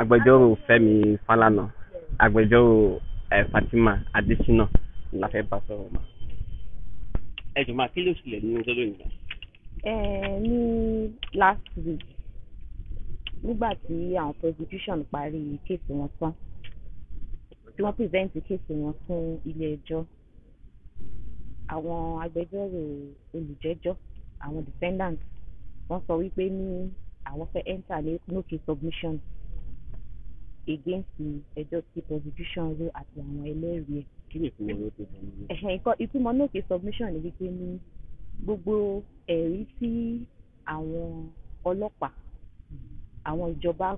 agbẹjọ́rò fẹ́mi fálànà agbẹjọ́rò fatima adésínà la fẹ́ bá sọ̀rọ̀ ma. ẹ jọ máa kí ló ṣẹlẹ̀ nínú ọjọ́ lónìí náà. ẹ ní last week nígbà tí àwọn prosecution parí kéèsì wọn tán tí wọ́n pìrìsẹ́ǹtì kéèsì wọn fún ilé ẹjọ́ àwọn agbẹjọ́rò olùjẹ́jọ́ àwọn defendant wọ́n sọ wípé ní àwọn fẹ́ enter ní no case submission against the ẹjọ́ ti prosecution ro àti àwọn ẹlẹ́rìí ẹ̀. kí ni ìtumọ̀ ló ti sọ̀rọ̀ yìí. ẹ̀hìn nǹkan náà kì í submission ni wípé ní gbogbo ẹ̀rí tí àwọn ọlọ́pàá àwọn ìjọba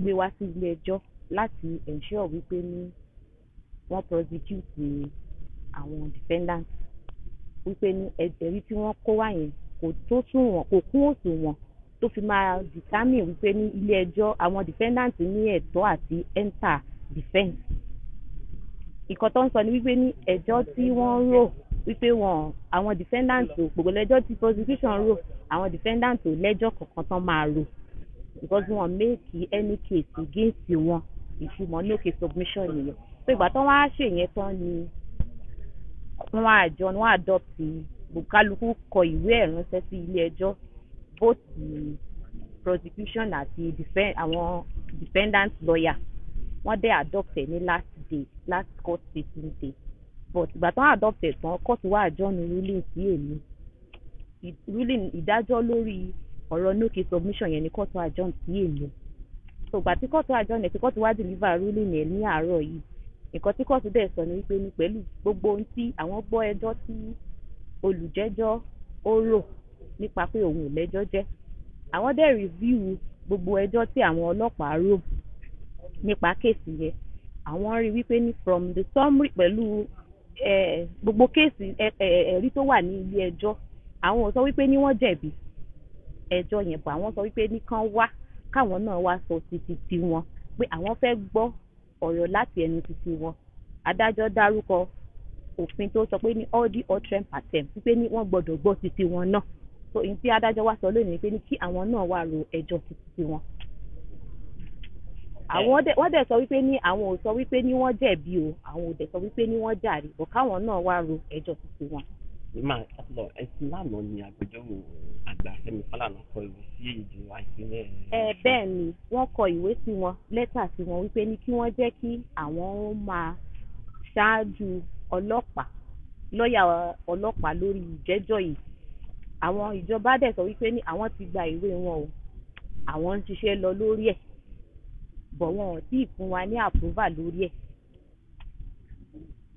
gbé wá sí ilé ẹjọ́ láti ensure wípé ní wọ́n prosecute àwọn defendants wípé ní ẹ̀rí tí wọ́n kó wá yẹn kò tó sùn wọn kò kún òsùn wọn tó fi máa dìtámì wípé ní ilé ẹjọ́ àwọn defendant ní ẹ̀tọ́ àti enter defence ìkan tó ń sọ ni wípé ní ẹjọ́ tí wọ́n rò wípé wọn àwọn defendant ò gbogbo lẹ́jọ́ tí prosecution rò àwọn defendant ò lẹ́jọ́ kankan tán máa rò because wọn make any case against wọn ìṣùmọ̀ no case submission nìyẹn pé ìgbà tán wọ́n á ṣèyẹn tán ni wọ́n á jọ wọ́n á dọ̀tí kálukú kọ ìwé ẹ̀ ránṣẹ́ sí ilé ẹjọ́ both the prosecution and the defend our defendant lawyer wọ́n dẹ̀ adopt ẹ̀ last day last court sitting day but ìgbà tán adopt ẹ̀ tán court wá àjọni ruling sí èmi ruling ìdájọ́ lórí ọ̀rọ̀ no case submission yẹn ni court wá àjọni sí èmi so ìgbà tí court wá àjọni ẹ̀ tí court wá deliver ruling ẹ̀ ní àárọ̀ yìí nǹkan tí court dẹ̀ sọ ni wípé ni pẹ̀lú gbogbo ohun tí àwọn gbọ́ ẹjọ́ tí olùjẹ́jọ́ ó rò nípa pé òun ò lẹ́jọ́ jẹ́ àwọn dẹ̀ rìvíwù gbogbo ẹjọ́ tí àwọn ọlọ́pàá rò nípa kéèsì yẹn àwọn rí wípé ní from the summary pẹ̀lú gbogbo kéèsì ẹ̀rí tó wà ní ilé ẹjọ́ àwọn ò sọ wípé ní wọ́n jẹ̀bi ẹjọ́ yẹn bọ̀ àwọn sọ wípé ní kán wá káwọn náà wá sọ títí tiwọn pé àwọn fẹ́ gbọ́ ọ̀rọ̀ láti ẹnu títí wọn adájọ́ dárúkọ òfin tó sọ pé ní all the all trend patent wípé ní wọ́n gbọ́dọ̀ gbọ́ títí wọn náà so èyí tí adájọ́ wa sọ lónìí pé ní kí àwọn náà wá ro ẹjọ́ títí sí wọn. àwọn wọ́n dẹ̀ sọ wípé ní àwọn ò sọ wípé ní wọ́n jẹ̀bi o àwọn ò dẹ̀ sọ wípé ní wọ́n jàre bọ̀ káwọn náà wá ro ẹjọ́ títí wọn. ìmọ̀ àtàlọ ẹ̀sìn lánàá ni agbẹjọ́rò àgbà Fẹ́mi Fálànà kọ ìwé sí ìjọba ìpínlẹ̀. ẹ bẹ́ẹ̀ ni wọ́n kọ ìwé sí wọn lẹ́tà sí wọn wípé ní kí wọ́n jẹ́ kí àwọn máa ṣáájú ọlọ́pàá lọ́ọ̀yà ọlọ́pàá lórí ìjẹ́jọ́ yìí àwọn ìjọba dẹ̀ sọ wípé ní àwọn ti gba ìwé wọn o àwọn ń ṣiṣẹ́ lọ lórí ẹ̀ bọ̀ wọn ò tí ì fún wa ní àpúrúvà lórí ẹ̀.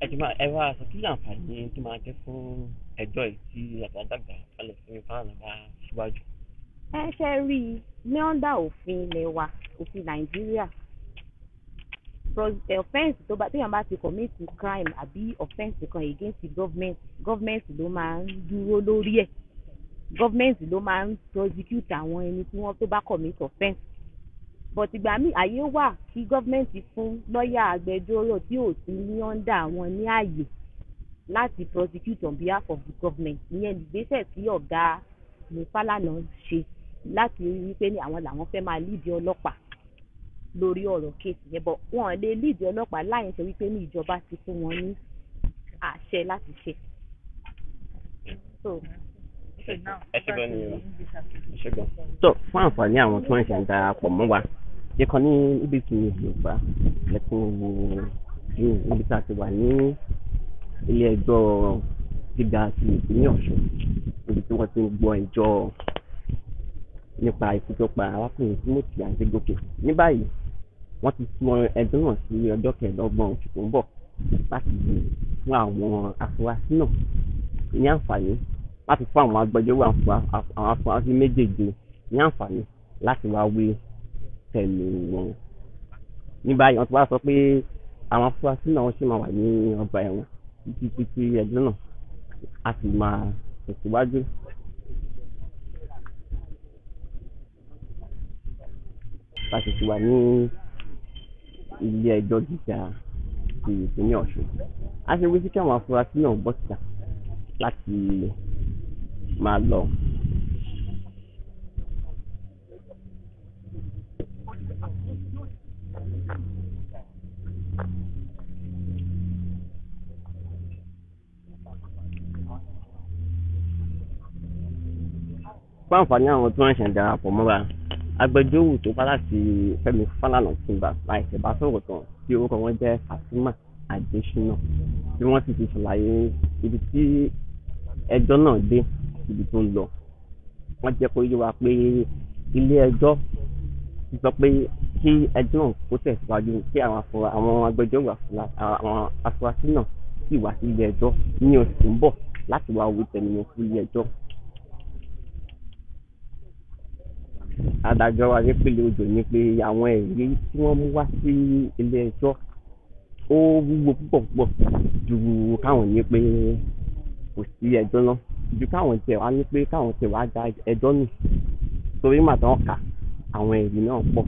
ẹ ti máa ẹ wá aṣọ kí àǹfààní tó máa jẹ fún ẹjọ́ yìí tí àtàdàgbà kalẹ̀ fún mi fáwọn àgbà síwájú. ẹ ṣe rí i ní ọ́ndà òfin ilé wa òfin nàìjíríà offence tó bá téèyàn bá ti commit crime àbí offence kan against the government government ló máa ń dúró lórí ẹ̀. E gọ́fìmẹ̀ntì ló máa ń prosecute àwọn ẹni tí wọ́n tó bá commit offence but ìgbà míì àyè wà kí gọ́fìmẹ̀ntì fún lọ́ọ̀yà agbẹjọ́rò tí ò sí ní ọ́ndà wọn ní àyè láti prosecute on behalf of the government ìyẹn ìgbésẹ̀ tí ọ̀gá ní Fálànà ṣe láti rí wípé ní àwọn làwọn fẹ́ máa lídìí ọlọ́pàá lórí ọ̀rọ̀ kéèsì yẹn bọ̀ wọ́n lè lídìí ọlọ́pàá láyé ṣe wípé ní ìjọba ti fún wọn ní àṣẹ láti ṣe. So, ẹṣẹgbọn ni ẹṣẹgbọn. tó fún àǹfààní àwọn tí wọ́n ṣe ń darapọ̀ mọ́ wa ṣe kan ní ibi tí yorùbá ẹkún wo níbi tá a ti wà ní ilé ẹjọ́ gíga ti ìpínlẹ̀ ọ̀ṣun níbi tí wọ́n ti ń gbọ́ ẹjọ́ nípa ikú arákùnrin timothy àdégòkè ní báyìí wọ́n ti sún ẹjọ́ náà sí ọjọ́ kẹẹ̀ẹ́dọ́gbọ̀n oṣù tó ń bọ̀ láti fún àwọn afurasí náà ní àǹfààní láti fún àwọn agbẹjọ́rò àwọn afurasí méjèèjì ní àǹfààní láti wá wí tẹ̀lé wọn. ní báyìí wọ́n ti wá sọ pé àwọn afurasí náà ṣì máa wà ní ọgbà ẹ̀wọ̀n títí tí ẹjọ́ náà a sì máa tẹ̀síwájú. láti ti wà ní ilé ẹjọ́ gíga ti ìpínlẹ̀ Ọ̀ṣun a ṣe wí sí kí àwọn afurasí náà bọ́ síta láti máa lọ. pàǹfààní àwọn tí wọ́n ṣẹ̀ ń darapọ̀ mọ́ra agbẹjọ́rò tó bá láti Fẹ́mi Fálànà tìǹbà láìpẹ́ bá sọ̀rọ̀ tán tí orúkọ wọn jẹ́ Fatima Adésínà tí wọ́n sì ti ṣàlàyé ibi tí ẹjọ́ náà dé síbi tó ń lọ wọ́n jẹ́ kó yé wa pé ilé ẹjọ́ ti sọ pé kí ẹjọ́ náà kó tẹ̀síwájú kí àwọn agbẹjọ́rò àwọn afurasí náà sì wá sí ilé ẹjọ́ ní oṣù tó ń bọ̀ láti wá owó tẹ̀lé wọn sí ilé ẹjọ́. adájọ́ adépèlé odò ní pé àwọn ẹ̀rí tí wọ́n mú wá sí ilé ẹjọ́ ó wúwo púpọ̀ púpọ̀ ju káwọn ní pé kò sí ẹjọ́ náà ju káwọn tiẹ̀ wá ní pé káwọn tiẹ̀ wá da ẹjọ́ nù torí màtá wọn kà àwọn ẹ̀rí náà pọ̀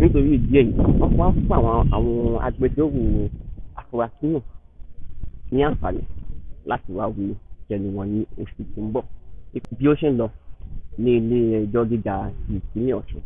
nítorí ìdí èyí wọ́n wá fún àwọn àwọn agbẹjọ́rò afurasí náà ní àǹfààní láti wá wí jẹnu wọn ní oṣù tó ń bọ̀ bí ó ṣe ń lọ ní ilé ẹjọ́ gíga ìpínlẹ̀ Ọ̀ṣun.